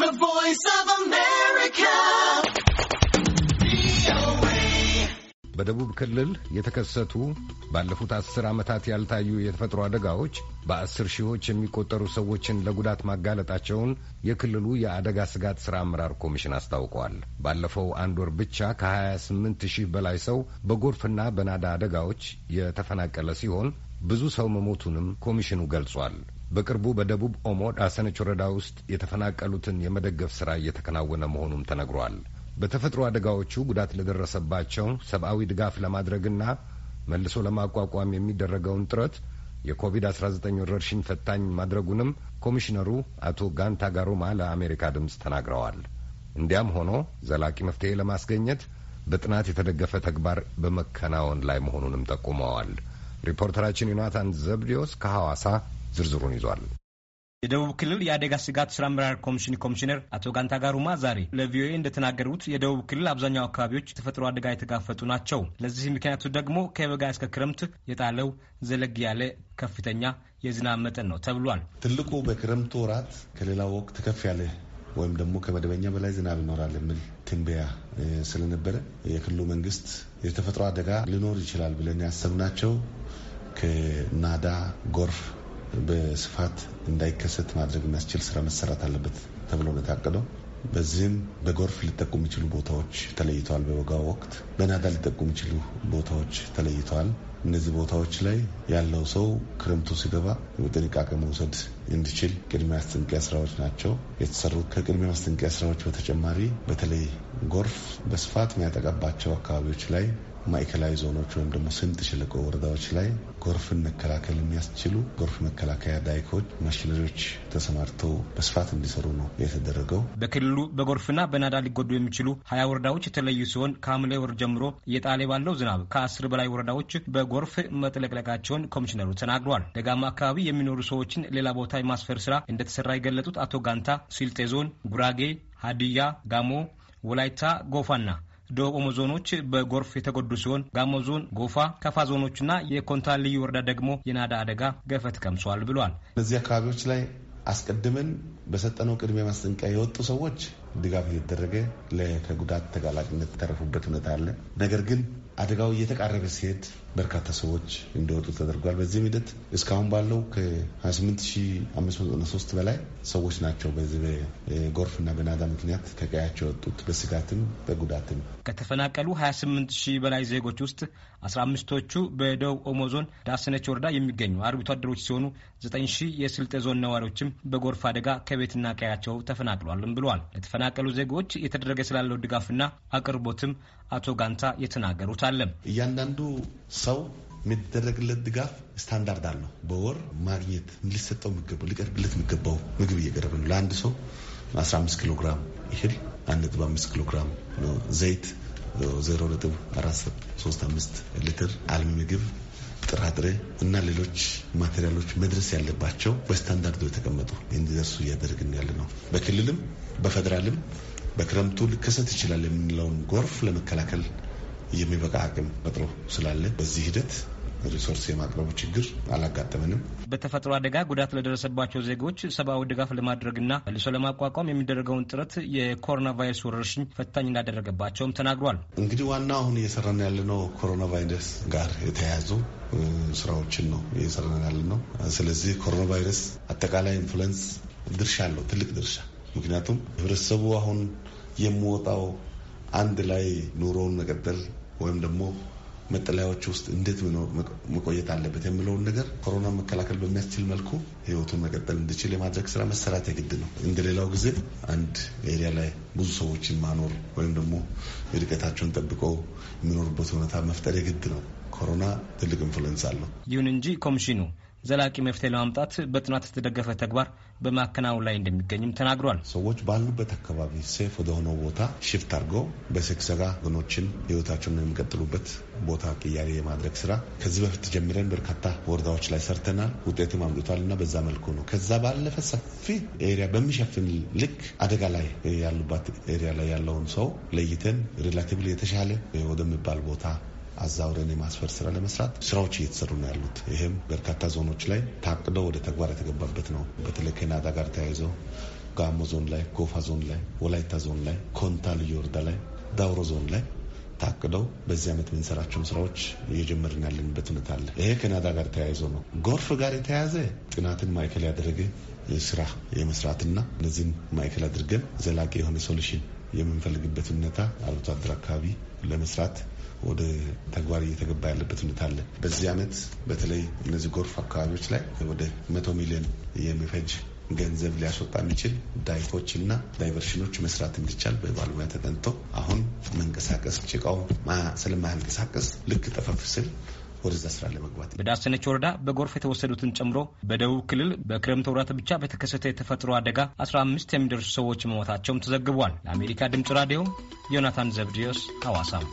The Voice of America. በደቡብ ክልል የተከሰቱ ባለፉት አስር ዓመታት ያልታዩ የተፈጥሮ አደጋዎች በአስር ሺዎች የሚቆጠሩ ሰዎችን ለጉዳት ማጋለጣቸውን የክልሉ የአደጋ ስጋት ሥራ አመራር ኮሚሽን አስታውቋል። ባለፈው አንድ ወር ብቻ ከ28 ሺህ በላይ ሰው በጎርፍና በናዳ አደጋዎች የተፈናቀለ ሲሆን ብዙ ሰው መሞቱንም ኮሚሽኑ ገልጿል። በቅርቡ በደቡብ ኦሞ ዳሰነች ወረዳ ውስጥ የተፈናቀሉትን የመደገፍ ስራ እየተከናወነ መሆኑም ተነግሯል። በተፈጥሮ አደጋዎቹ ጉዳት ለደረሰባቸው ሰብአዊ ድጋፍ ለማድረግና መልሶ ለማቋቋም የሚደረገውን ጥረት የኮቪድ-19 ወረርሽኝ ፈታኝ ማድረጉንም ኮሚሽነሩ አቶ ጋንታ ጋሩማ ለአሜሪካ ድምፅ ተናግረዋል። እንዲያም ሆኖ ዘላቂ መፍትሄ ለማስገኘት በጥናት የተደገፈ ተግባር በመከናወን ላይ መሆኑንም ጠቁመዋል። ሪፖርተራችን ዮናታን ዘብዲዮስ ከሐዋሳ ዝርዝሩን ይዟል። የደቡብ ክልል የአደጋ ስጋት ስራ አመራር ኮሚሽን ኮሚሽነር አቶ ጋንታ ጋሩማ ዛሬ ለቪኦኤ እንደተናገሩት የደቡብ ክልል አብዛኛው አካባቢዎች ተፈጥሮ አደጋ የተጋፈጡ ናቸው። ለዚህ ምክንያቱ ደግሞ ከበጋ እስከ ክረምት የጣለው ዘለግ ያለ ከፍተኛ የዝናብ መጠን ነው ተብሏል። ትልቁ በክረምት ወራት ከሌላው ወቅት ከፍ ያለ ወይም ደግሞ ከመደበኛ በላይ ዝናብ ይኖራል የሚል ትንበያ ስለነበረ የክልሉ መንግስት የተፈጥሮ አደጋ ሊኖር ይችላል ብለን ያሰብናቸው ከናዳ ጎርፍ በስፋት እንዳይከሰት ማድረግ የሚያስችል ስራ መሰራት አለበት ተብሎ ነው የታቀደው። በዚህም በጎርፍ ሊጠቁ የሚችሉ ቦታዎች ተለይተዋል። በበጋ ወቅት በናዳ ሊጠቁ የሚችሉ ቦታዎች ተለይተዋል። እነዚህ ቦታዎች ላይ ያለው ሰው ክረምቱ ሲገባ በጥንቃቄ መውሰድ እንዲችል ቅድሚያ ማስጠንቀቂያ ስራዎች ናቸው የተሰሩት። ከቅድመ ማስጠንቀቂያ ስራዎች በተጨማሪ በተለይ ጎርፍ በስፋት የሚያጠቃባቸው አካባቢዎች ላይ ማዕከላዊ ዞኖች ወይም ደግሞ ስምጥ ሸለቆ ወረዳዎች ላይ ጎርፍን መከላከል የሚያስችሉ ጎርፍ መከላከያ ዳይኮች፣ ማሽነሪዎች ተሰማርተው በስፋት እንዲሰሩ ነው የተደረገው። በክልሉ በጎርፍና በናዳ ሊጎዱ የሚችሉ ሀያ ወረዳዎች የተለዩ ሲሆን ከሐምሌ ወር ጀምሮ እየጣለ ባለው ዝናብ ከአስር በላይ ወረዳዎች በጎርፍ መጥለቅለቃቸውን ኮሚሽነሩ ተናግሯል። ደጋማ አካባቢ የሚኖሩ ሰዎችን ሌላ ቦታ የማስፈር ስራ እንደተሰራ የገለጡት አቶ ጋንታ ስልጤ ዞን ጉራጌ፣ ሀዲያ፣ ጋሞ፣ ወላይታ፣ ጎፋና ደቡብ ኦሞ ዞኖች በጎርፍ የተጎዱ ሲሆን ጋሞ ዞን፣ ጎፋ፣ ከፋ ዞኖችና የኮንታ ልዩ ወረዳ ደግሞ የናዳ አደጋ ገፈት ቀምሷል ብሏል። እነዚህ አካባቢዎች ላይ አስቀድመን በሰጠነው ቅድሚያ ማስጠንቀቂያ የወጡ ሰዎች ድጋፍ እየተደረገ ከጉዳት ተጋላጭነት የተረፉበት ሁኔታ አለ። ነገር ግን አደጋው እየተቃረበ ሲሄድ በርካታ ሰዎች እንዲወጡ ተደርጓል። በዚህም ሂደት እስካሁን ባለው ከ28593 በላይ ሰዎች ናቸው በዚህ በጎርፍና በናዳ ምክንያት ከቀያቸው የወጡት በስጋትም በጉዳትም። ከተፈናቀሉ ሺህ በላይ ዜጎች ውስጥ 15ቶቹ በደቡብ ኦሞ ዞን ዳስነች ወረዳ የሚገኙ አርብቶ አደሮች ሲሆኑ 9 የስልጤ ዞን ነዋሪዎችም በጎርፍ አደጋ ከቤትና ቀያቸው ተፈናቅሏልም ብለዋል። ለተፈናቀሉ ዜጎች የተደረገ ስላለው ድጋፍና አቅርቦትም አቶ ጋንታ የተናገሩት አለም እያንዳንዱ ሰው የሚደረግለት ድጋፍ ስታንዳርድ አለው። በወር ማግኘት ሊሰጠው የሚገባው ሊቀርብለት የሚገባው ምግብ እየቀረበ ነው። ለአንድ ሰው 15 ኪሎ ግራም ይህል 1.5 ኪሎ ግራም ዘይት 0.435 ሊትር አልሚ ምግብ ጥራጥሬ እና ሌሎች ማቴሪያሎች መድረስ ያለባቸው በስታንዳርዱ የተቀመጡ እንዲደርሱ እያደረግን ያለ ነው። በክልልም በፌዴራልም በክረምቱ ሊከሰት ይችላል የምንለውን ጎርፍ ለመከላከል የሚበቃ አቅም ፈጥሮ ስላለ በዚህ ሂደት ሪሶርስ የማቅረቡ ችግር አላጋጠመንም። በተፈጥሮ አደጋ ጉዳት ለደረሰባቸው ዜጎች ሰብአዊ ድጋፍ ለማድረግና መልሶ ለማቋቋም የሚደረገውን ጥረት የኮሮና ቫይረስ ወረርሽኝ ፈታኝ እንዳደረገባቸውም ተናግሯል። እንግዲህ ዋና አሁን እየሰራን ያለነው ኮሮና ቫይረስ ጋር የተያያዙ ስራዎችን ነው እየሰራን ያለነው። ስለዚህ ኮሮና ቫይረስ አጠቃላይ ኢንፍሉዌንስ ድርሻ አለው፣ ትልቅ ድርሻ። ምክንያቱም ህብረተሰቡ አሁን የሚወጣው አንድ ላይ ኑሮውን መቀጠል ወይም ደግሞ መጠለያዎች ውስጥ እንዴት መቆየት አለበት የሚለውን ነገር ኮሮና መከላከል በሚያስችል መልኩ ህይወቱን መቀጠል እንዲችል የማድረግ ስራ መሰራት የግድ ነው። እንደሌላው ጊዜ አንድ ኤሪያ ላይ ብዙ ሰዎችን ማኖር ወይም ደግሞ ርቀታቸውን ጠብቀው የሚኖሩበት ሁኔታ መፍጠር የግድ ነው። ኮሮና ትልቅ ኢንፍሉዌንስ አለው። ይሁን እንጂ ኮሚሽኑ ዘላቂ መፍትሄ ለማምጣት በጥናት የተደገፈ ተግባር በማከናወን ላይ እንደሚገኝም ተናግሯል። ሰዎች ባሉበት አካባቢ ሴፍ ወደሆነው ቦታ ሽፍት አድርገው በሰግሰጋ ወገኖችን ህይወታቸውን የሚቀጥሉበት ቦታ ቅያሬ የማድረግ ስራ ከዚህ በፊት ጀምረን በርካታ ወረዳዎች ላይ ሰርተናል። ውጤትም አምጥቷል እና በዛ መልኩ ነው። ከዛ ባለፈ ሰፊ ኤሪያ በሚሸፍን ልክ አደጋ ላይ ያሉባት ኤሪያ ላይ ያለውን ሰው ለይተን ሪላቲቭሊ የተሻለ ወደሚባል ቦታ አዛውረን የማስፈር ስራ ለመስራት ስራዎች እየተሰሩ ነው ያሉት። ይህም በርካታ ዞኖች ላይ ታቅደው ወደ ተግባር የተገባበት ነው። በተለይ ከናዳ ጋር ተያይዞ ጋሞ ዞን ላይ፣ ጎፋ ዞን ላይ፣ ወላይታ ዞን ላይ፣ ኮንታ ልዩ ወረዳ ላይ፣ ዳውሮ ዞን ላይ ታቅደው በዚህ ዓመት የምንሰራቸውን ስራዎች እየጀመርን ያለንበት ሁኔታ አለ። ይሄ ከናዳ ጋር ተያይዞ ነው። ጎርፍ ጋር የተያያዘ ጥናትን ማዕከል ያደረገ ስራ የመስራትና እነዚህን ማዕከል አድርገን ዘላቂ የሆነ ሶሉሽን የምንፈልግበት ሁኔታ አርብቶ አደር አካባቢ ለመስራት ወደ ተግባር እየተገባ ያለበት ሁኔታ አለ። በዚህ ዓመት በተለይ እነዚህ ጎርፍ አካባቢዎች ላይ ወደ መቶ ሚሊዮን የሚፈጅ ገንዘብ ሊያስወጣ የሚችል ዳይቶች እና ዳይቨርሽኖች መስራት እንዲቻል በባለሙያ ተጠንቶ አሁን መንቀሳቀስ ጭቃው ስለማያንቀሳቀስ ልክ ጠፈፍ ስል ወደዛ ስራ ለመግባት በዳሰነች ወረዳ በጎርፍ የተወሰዱትን ጨምሮ በደቡብ ክልል በክረምት ወራት ብቻ በተከሰተ የተፈጥሮ አደጋ 15 የሚደርሱ ሰዎች መሞታቸውም ተዘግቧል። ለአሜሪካ ድምፅ ራዲዮ ዮናታን ዘብዲዮስ ሐዋሳም